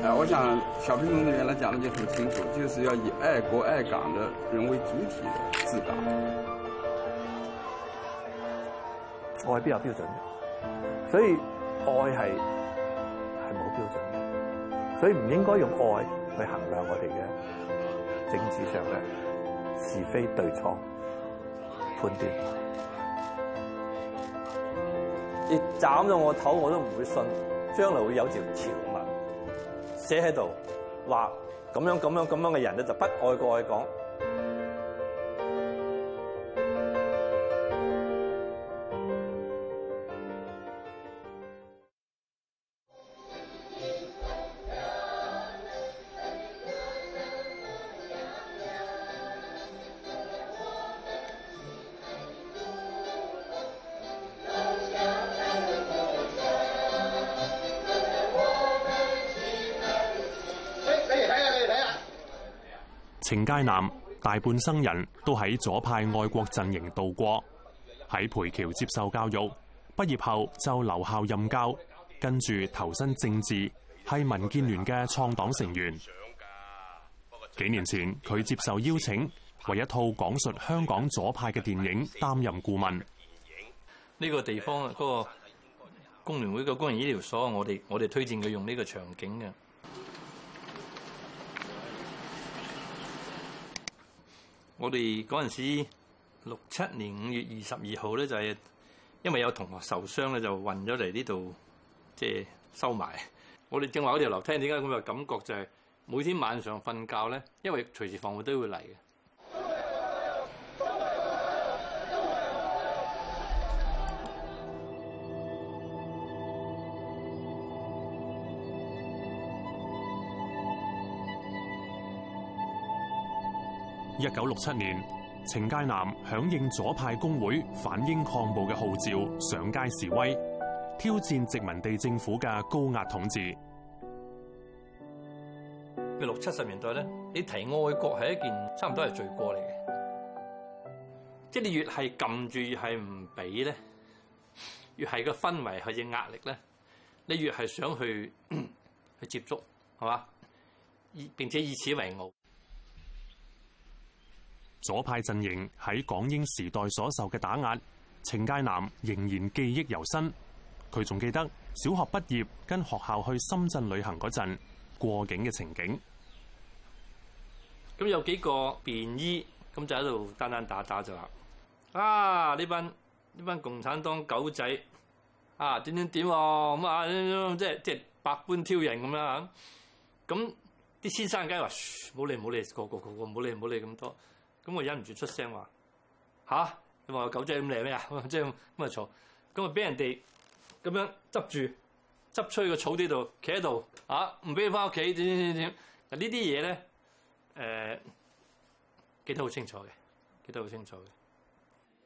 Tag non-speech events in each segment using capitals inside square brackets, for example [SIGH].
誒，我想小平同志原來講得就很清楚，就是要以愛國愛港的人為主體的治港。愛係比較標準嘅？所以愛係係冇標準嘅，所以唔應該用愛去衡量我哋嘅政治上嘅是非對錯判斷。你斬咗我頭我都唔會信，將來會有條橋。寫喺度話咁樣咁樣咁樣嘅人咧，就不愛國愛港。程介南大半生人都喺左派愛國陣營度過，喺培僑接受教育，畢業後就留校任教，跟住投身政治，係民建聯嘅創黨成員。幾年前佢接受邀請，為一套講述香港左派嘅電影擔任顧問。呢個地方嗰個工聯會嘅工人醫療所，我哋我哋推薦佢用呢個場景嘅。我哋嗰陣時六七年五月二十二號咧，就係、是、因為有同學受傷咧，就運咗嚟呢度即係收埋。我哋正話嗰條樓梯點解咁嘅感覺就係、是、每天晚上瞓覺咧，因為隨時防護都會嚟嘅。一九六七年，程介南響應左派工會反英抗暴嘅號召，上街示威，挑戰殖民地政府嘅高壓統治。六七十年代咧，你提愛國係一件差唔多係罪過嚟嘅，即係你越係撳住，越係唔俾咧，越係個氛圍，係只壓力咧，你越係想去去接觸，係嘛？以並且以此為傲。左派陣營喺港英時代所受嘅打壓，程介南仍然記憶猶新。佢仲記得小學畢業跟學校去深圳旅行嗰陣過境嘅情景。咁有幾個便衣，咁就喺度單單打打就啦。啊，呢班呢班共產黨狗仔啊，點點點咁啊，啊嗯嗯嗯嗯嗯、即係即係百般挑釁咁啦。咁、嗯、啲先生梗係話，唔好理，唔好理，個個個個唔好理唔好理咁多。咁我忍唔住出聲話吓？你話狗仔咁靚咩啊？即係咁咪錯，咁啊俾人哋咁樣執住，執出去個草堆度企喺度吓？唔俾你翻屋企點點點點。嗱呢啲嘢咧，誒記得好清楚嘅，記得好清楚嘅。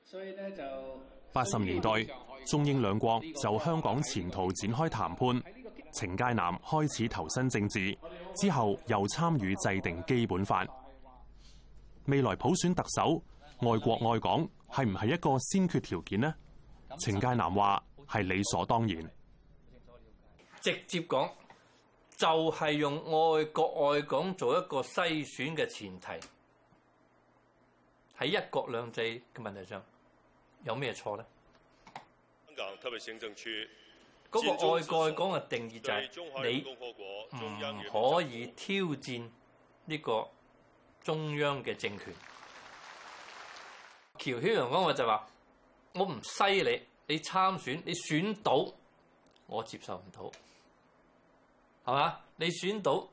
所以咧就八十年代，中英兩國就香港前途展開談判，程介南開始投身政治，之後又參與制定基本法。未來普選特首愛國愛港係唔係一個先決條件呢？程介南話係理所當然，直接講就係、是、用愛國愛港做一個篩選嘅前提。喺一國兩制嘅問題上，有咩錯呢？香港特別行政區嗰、那個愛國愛港嘅定義就係、是、你唔可以挑戰呢、這個。中央嘅政權，喬曉陽講話就話，我唔犀你，你參選，你選到我接受唔到，係嘛？你選到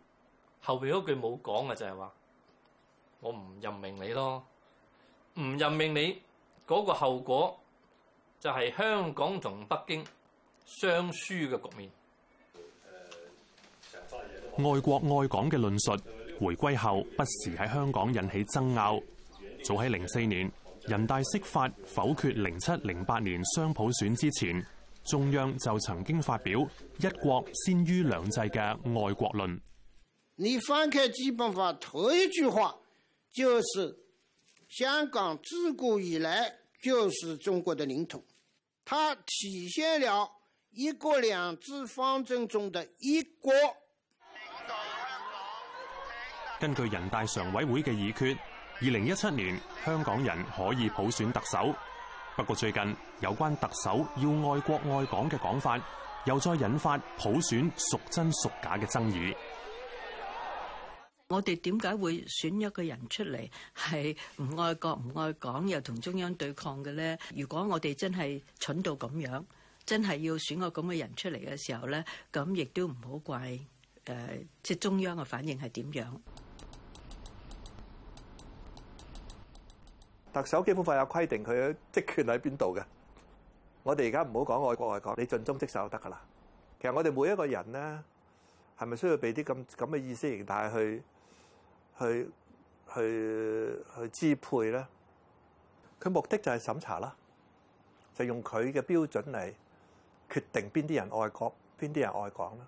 後邊嗰句冇講嘅就係話，我唔任命你咯，唔任命你嗰、那個後果就係香港同北京相輸嘅局面。愛國愛港嘅論述。回歸後不時喺香港引起爭拗。早喺零四年，人大釋法否決零七零八年雙普選之前，中央就曾經發表一國先於兩制嘅愛國論。你翻開基本法，第一句話就是：香港自古以來就是中國的領土，它體現了一國兩制方針中的一國。根據人大常委會嘅議決，二零一七年香港人可以普選特首。不過最近有關特首要愛國愛港嘅講法，又再引發普選孰真孰假嘅爭議。我哋點解會選一個人出嚟係唔愛國、唔愛港，又同中央對抗嘅呢？如果我哋真係蠢到咁樣，真係要選個咁嘅人出嚟嘅時候呢，咁亦都唔好怪誒、呃，即中央嘅反應係點樣？特首基本法有規定，佢嘅職權喺邊度嘅？我哋而家唔好講愛國愛港，你盡忠職守就得噶啦。其實我哋每一個人咧，係咪需要俾啲咁咁嘅意識形態去去去去，去支配咧？佢目的就係審查啦，就用佢嘅標準嚟決定邊啲人愛國，邊啲人愛港啦。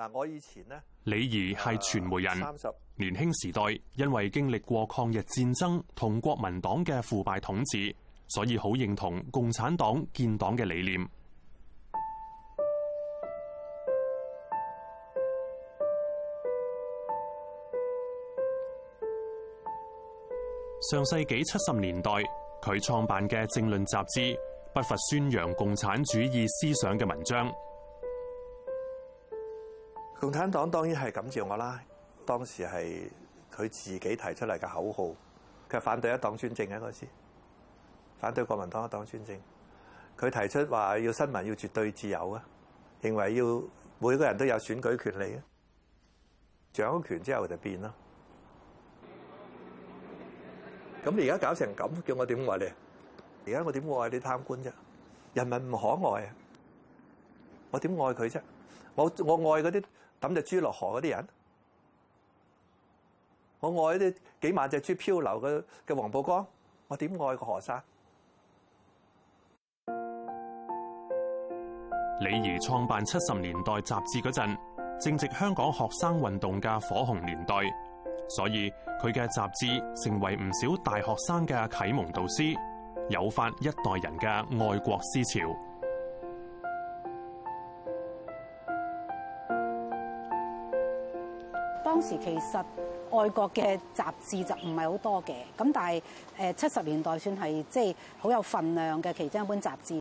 嗱，我以前呢，李怡係傳媒人，三十，年輕時代因為經歷過抗日戰爭同國民黨嘅腐敗統治，所以好認同共產黨建黨嘅理念。上世紀七十年代，佢創辦嘅政論雜誌不乏宣揚共產主義思想嘅文章。共產黨當然係感召我啦。當時係佢自己提出嚟嘅口號，佢反對一黨專政嘅意思，反對國民黨一黨專政。佢提出話要新聞要絕對自由啊，認為要每個人都有選舉權利啊。掌權之後就變咯。咁你而家搞成咁，叫我點愛你？而家我點愛啲貪官啫？人民唔可愛啊，我點愛佢啫？我我愛嗰啲，抌隻豬落河嗰啲人，我愛啲幾萬隻豬漂流嘅嘅黃浦江？我點愛個學生？李怡創辦七十年代雜誌嗰陣，正值香港學生運動嘅火紅年代，所以佢嘅雜誌成為唔少大學生嘅啟蒙導師，誘發一代人嘅愛國思潮。當時其實外國嘅雜誌就唔係好多嘅，咁但係誒七十年代算係即係好有份量嘅其中一本雜誌。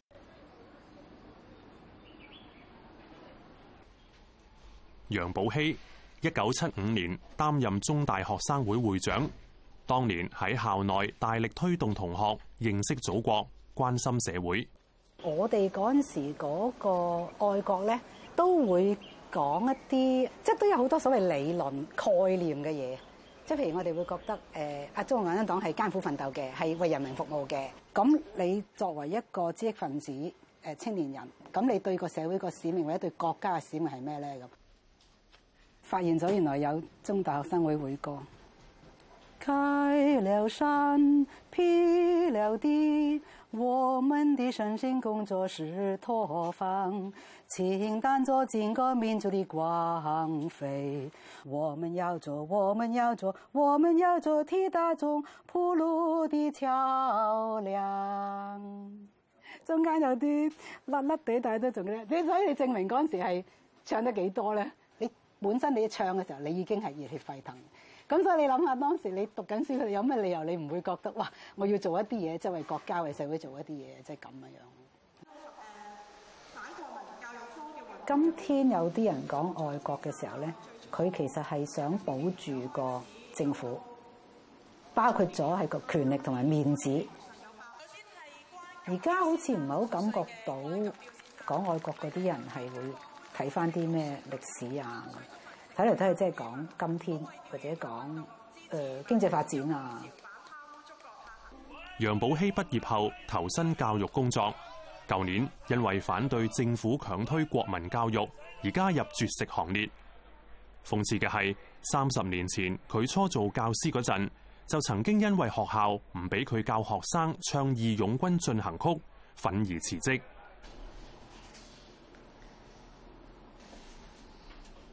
楊寶熙，一九七五年擔任中大學生會會長，當年喺校內大力推動同學認識祖國、關心社會。我哋嗰陣時嗰個愛國呢，都會。講一啲即係都有好多所謂理論概念嘅嘢，即係譬如我哋會覺得誒，啊、呃、中共共產黨係艱苦奮鬥嘅，係為人民服務嘅。咁你作為一個知識分子、呃、青年人，咁你對個社會個使命或者對國家嘅使命係咩咧？咁發現咗原來有中大學生會會歌。開了山，劈了地，我們的神聖工作是拓荒。請當作整個民族的光輝，我們要做，我們要做，我們要做，替大眾鋪路的橋樑。中間有啲甩甩地帶都仲咧，你所以證明嗰陣時係唱得幾多咧？你本身你一唱嘅時候，你已經係熱血沸騰。咁所以你諗下當時你讀緊書，佢哋有咩理由你唔會覺得哇？我要做一啲嘢，即係為國家為社會做一啲嘢，即係咁嘅樣。今天有啲人講愛國嘅時候咧，佢其實係想保住個政府，包括咗係個權力同埋面子。而家好似唔係好感覺到講愛國嗰啲人係會睇返啲咩歷史啊？睇嚟睇去，即係講今天或者講誒、呃、經濟發展啊。楊寶熙畢業後投身教育工作，舊年因為反對政府強推國民教育而加入絕食行列。諷刺嘅係三十年前，佢初做教師嗰陣，就曾經因為學校唔俾佢教學生唱《義勇軍進行曲》憤辭職，憤而辭職。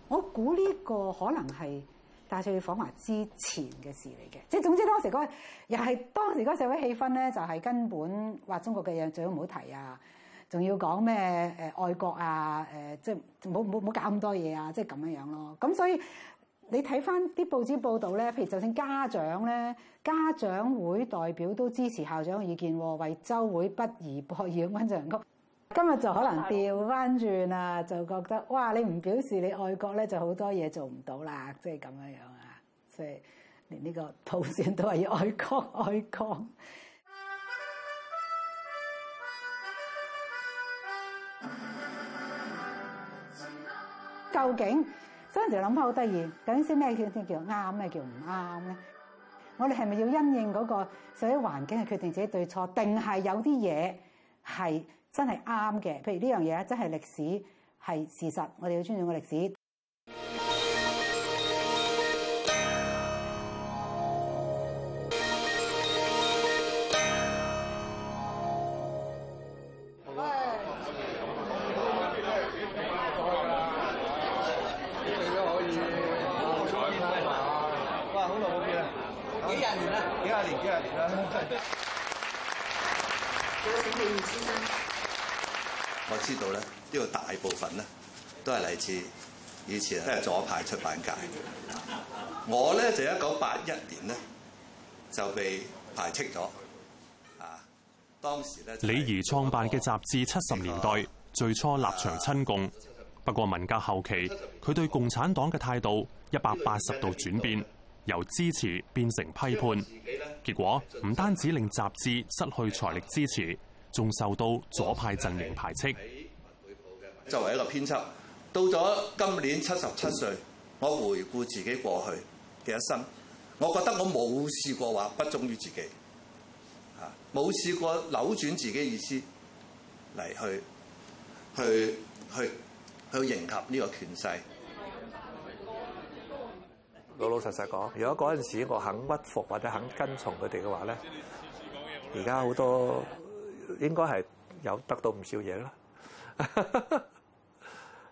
我估呢個可能係大賽訪華之前嘅事嚟嘅，即係總之當時嗰，又係當時嗰社會氣氛咧，就係、是、根本話中國嘅嘢最好唔好提啊，仲要講咩誒愛國啊誒，即唔好唔好搞咁多嘢啊，即係咁樣樣咯。咁所以你睇翻啲報紙報導咧，譬如就算家長咧、家長會代表都支持校長嘅意見，為週會不宜播《義勇軍進行曲》。今日就可能調翻轉啊！就覺得哇，你唔表示你愛國咧，就好多嘢做唔到啦，即係咁樣樣啊！即係連呢個套線都係要愛國愛國。究竟所以就諗翻好得意，究竟先咩先先叫啱，咩叫唔啱咧？我哋係咪要因應嗰、嗰個社會環境去決定自己對錯，定係有啲嘢係真係啱嘅，譬如呢樣嘢真係歷史係事實，我哋要尊重個歷史。喂， [MUSIC] 你都可以，哇，好耐冇見啦，幾廿年啦，幾廿年，幾廿年啦。我知道咧，呢個大部分呢，都係嚟自以前都係左派出版界。我呢，就一九八一年呢，就被排斥咗。啊，當時咧。李怡創辦嘅雜誌《七十年代》最初立場親共，不過文革後期佢對共產黨嘅態度一百八十度轉變，由支持變成批判，結果唔單止令雜誌失去財力支持。仲受到左派陣營排斥。作為一個編輯，到咗今年七十七歲，我回顧自己過去嘅一生，我覺得我冇試過話不忠於自己，嚇冇試過扭轉自己嘅意思嚟去去去去迎合呢個權勢。老老實實講，如果嗰陣時我肯屈服或者肯跟從佢哋嘅話咧，而家好多。應該係有得到唔少嘢啦，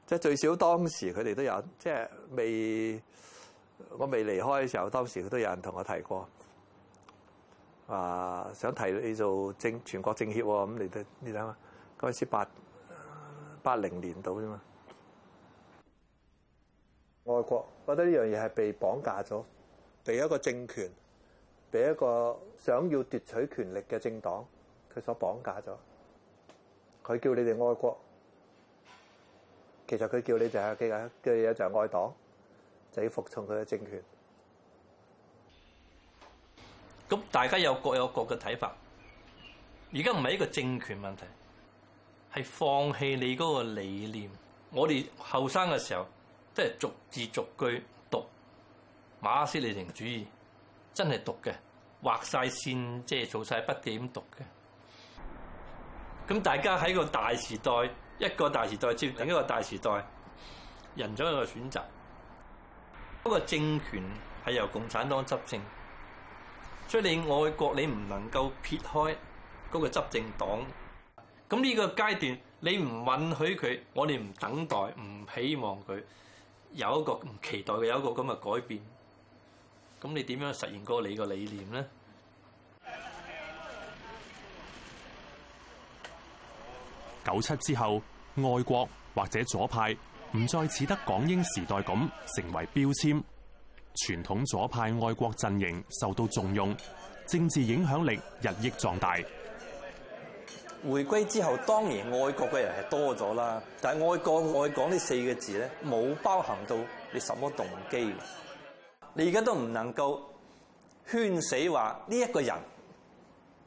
即係最少當時佢哋都有，即係未我未離開嘅時候，當時佢都有人同我提過話、啊、想提你做政全國政協咁嚟。你睇下嗰陣時八八零年度啫嘛，外國覺得呢樣嘢係被綁架咗，被一個政權，被一個想要奪取權力嘅政黨。佢所綁架咗，佢叫你哋愛國，其實佢叫你哋係、就係、叫嘅嘢就係愛黨，就要服從佢嘅政權。咁大家有各有各嘅睇法，而家唔係一個政權問題，係放棄你嗰個理念。我哋後生嘅時候，即係逐字逐句讀馬克思列寧主義，真係讀嘅，畫晒線即係做晒筆記咁讀嘅。咁大家喺個大時代，一個大時代接另一個大時代，人總有一個選擇。嗰、那個政權係由共產黨執政，所以你愛國你唔能夠撇開嗰個執政黨。咁呢個階段，你唔允許佢，我哋唔等待，唔希望佢有一個唔期待嘅有一個咁嘅改變。咁你點樣實現個你個理念咧？九七之後，愛國或者左派唔再似得港英時代咁成為標籤，傳統左派愛國陣營受到重用，政治影響力日益壯大。回歸之後，當然愛國嘅人係多咗啦，但係愛國愛港呢四個字咧，冇包含到你什麼動機。你而家都唔能夠圈死話呢一個人，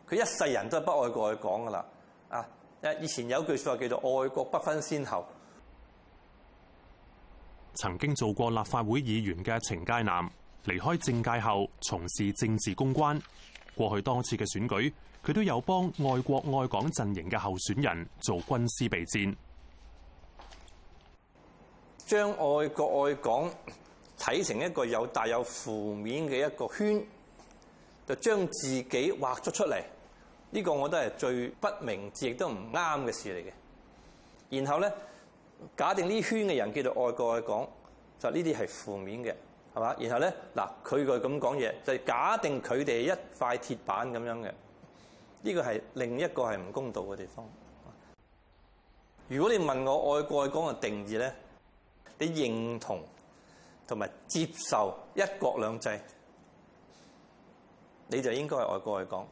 佢一世人都係不愛國愛港噶啦啊！誒，以前有句説話叫做「愛國不分先後」。曾經做過立法會議員嘅程介南，離開政界後從事政治公關。過去多次嘅選舉，佢都有幫愛國愛港陣營嘅候選人做軍師備戰。將愛國愛港睇成一個有帶有負面嘅一個圈，就將自己畫咗出嚟。呢個我都係最不明智亦都唔啱嘅事嚟嘅。然後咧，假定呢圈嘅人叫做愛國愛港，就呢啲係負面嘅，係嘛？然後咧，嗱佢個咁講嘢，就係假定佢哋一塊鐵板咁樣嘅，呢個係另一個係唔公道嘅地方。如果你問我愛國愛港嘅定義咧，你認同同埋接受一國兩制，你就應該係愛國愛港。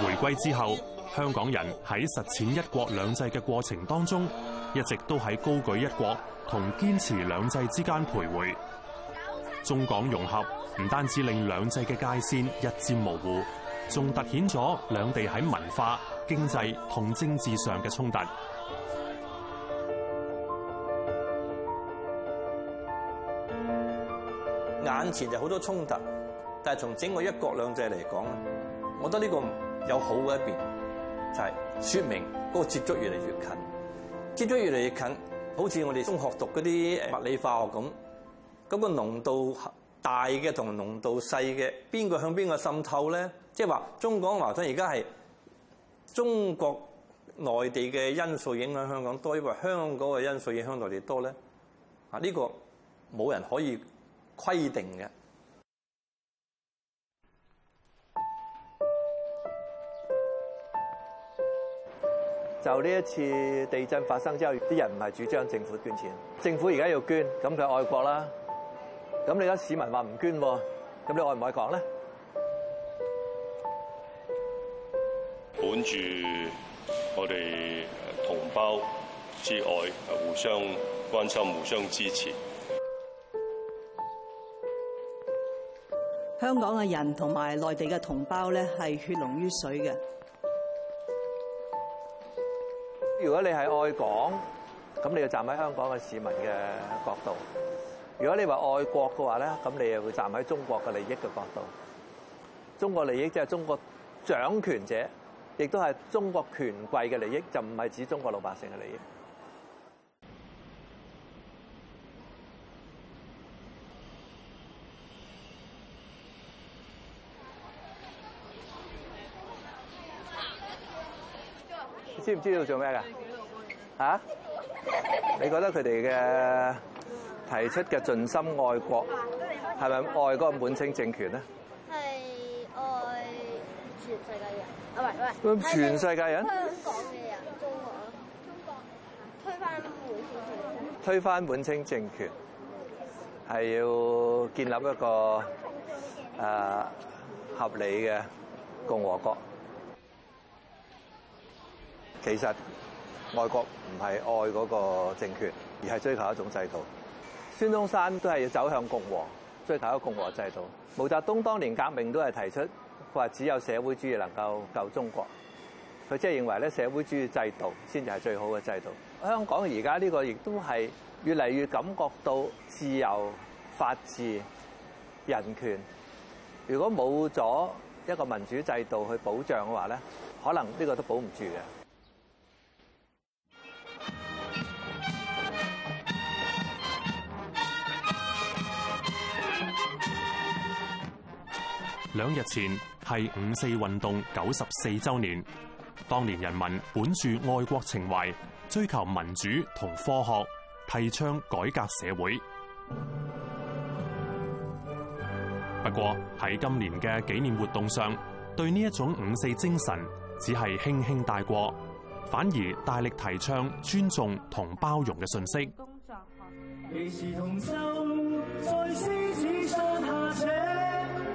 回歸之後，香港人喺實踐一國兩制嘅過程當中，一直都喺高舉一國同堅持兩制之間徘徊。中港融合唔單止令兩制嘅界線一戰模糊，仲凸顯咗兩地喺文化、經濟同政治上嘅衝突。眼前就好多衝突，但係從整個一國兩制嚟講，咧，我覺得呢個有好嘅一邊就係、是、說明嗰個接觸越嚟越近，接觸越嚟越近，好似我哋中學讀嗰啲物理化學咁，咁、那個濃度大嘅同濃度細嘅，邊個向邊個滲透咧？即係話中港矛盾而家係中國內地嘅因素影響香港多，因為香港嘅因素影響內地多咧？啊，呢、這個冇人可以，規定嘅，就呢一次地震發生之後，啲人唔係主張政府捐錢，政府而家要捐，咁佢愛國啦。咁你家市民話唔捐，咁你愛唔愛港咧？本住我哋同胞之愛，互相關心，互相支持。香港嘅人同埋內地嘅同胞咧，係血濃於水嘅。如果你係愛港，咁你要站喺香港嘅市民嘅角度；如果你話愛國嘅話咧，咁你又會站喺中國嘅利益嘅角度。中國利益即係中國掌權者，亦都係中國權貴嘅利益，就唔係指中國老百姓嘅利益。知唔知道做咩㗎？嚇！你覺得佢哋嘅提出嘅盡心愛國係咪愛嗰個滿清政權咧？係愛全世界人啊！唔係，唔係全世界人。香港嘅人，中國，中國推翻滿清政權。推翻滿清政權係要建立一個誒合理嘅共和國。其實外國唔係愛嗰個政權，而係追求一種制度。孫中山都係要走向共和，追求一個共和制度。毛澤東當年革命都係提出，佢話只有社會主義能夠救中國。佢即係認為咧，社會主義制度先至係最好嘅制度。香港而家呢個亦都係越嚟越感覺到自由、法治、人權。如果冇咗一個民主制度去保障嘅話咧，可能呢個都保唔住嘅。兩日前係五四運動九十四周年，當年人民本住愛國情懷，追求民主同科學，提倡改革社會。不過喺今年嘅紀念活動上，對呢一種五四精神只係輕輕帶過，反而大力提倡尊重同包容嘅信息。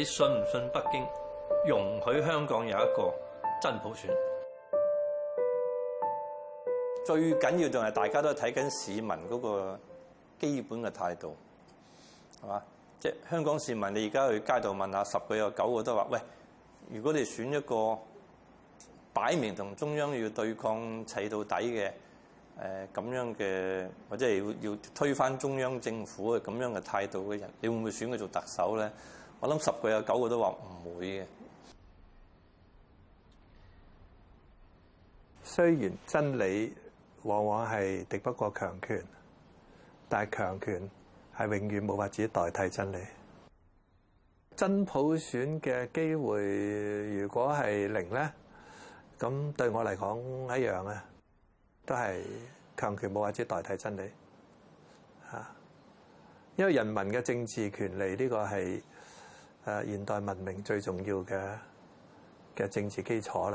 你信唔信？北京容許香港有一個真普選？最緊要仲係大家都睇緊市民嗰個基本嘅態度，係嘛？即係香港市民，你而家去街道問下，十個有九個都話，喂，如果你選一個擺明同中央要對抗，砌到底嘅誒咁樣嘅，或者係要要推翻中央政府嘅咁樣嘅態度嘅人，你會唔會選佢做特首咧？我諗十個有九個都話唔會嘅。雖然真理往往係敵不過強權，但係強權係永遠冇法子代替真理。真普選嘅機會如果係零咧，咁對我嚟講一樣啊，都係強權冇法子代替真理。因為人民嘅政治權利呢個係現代文明最重要嘅政治基礎。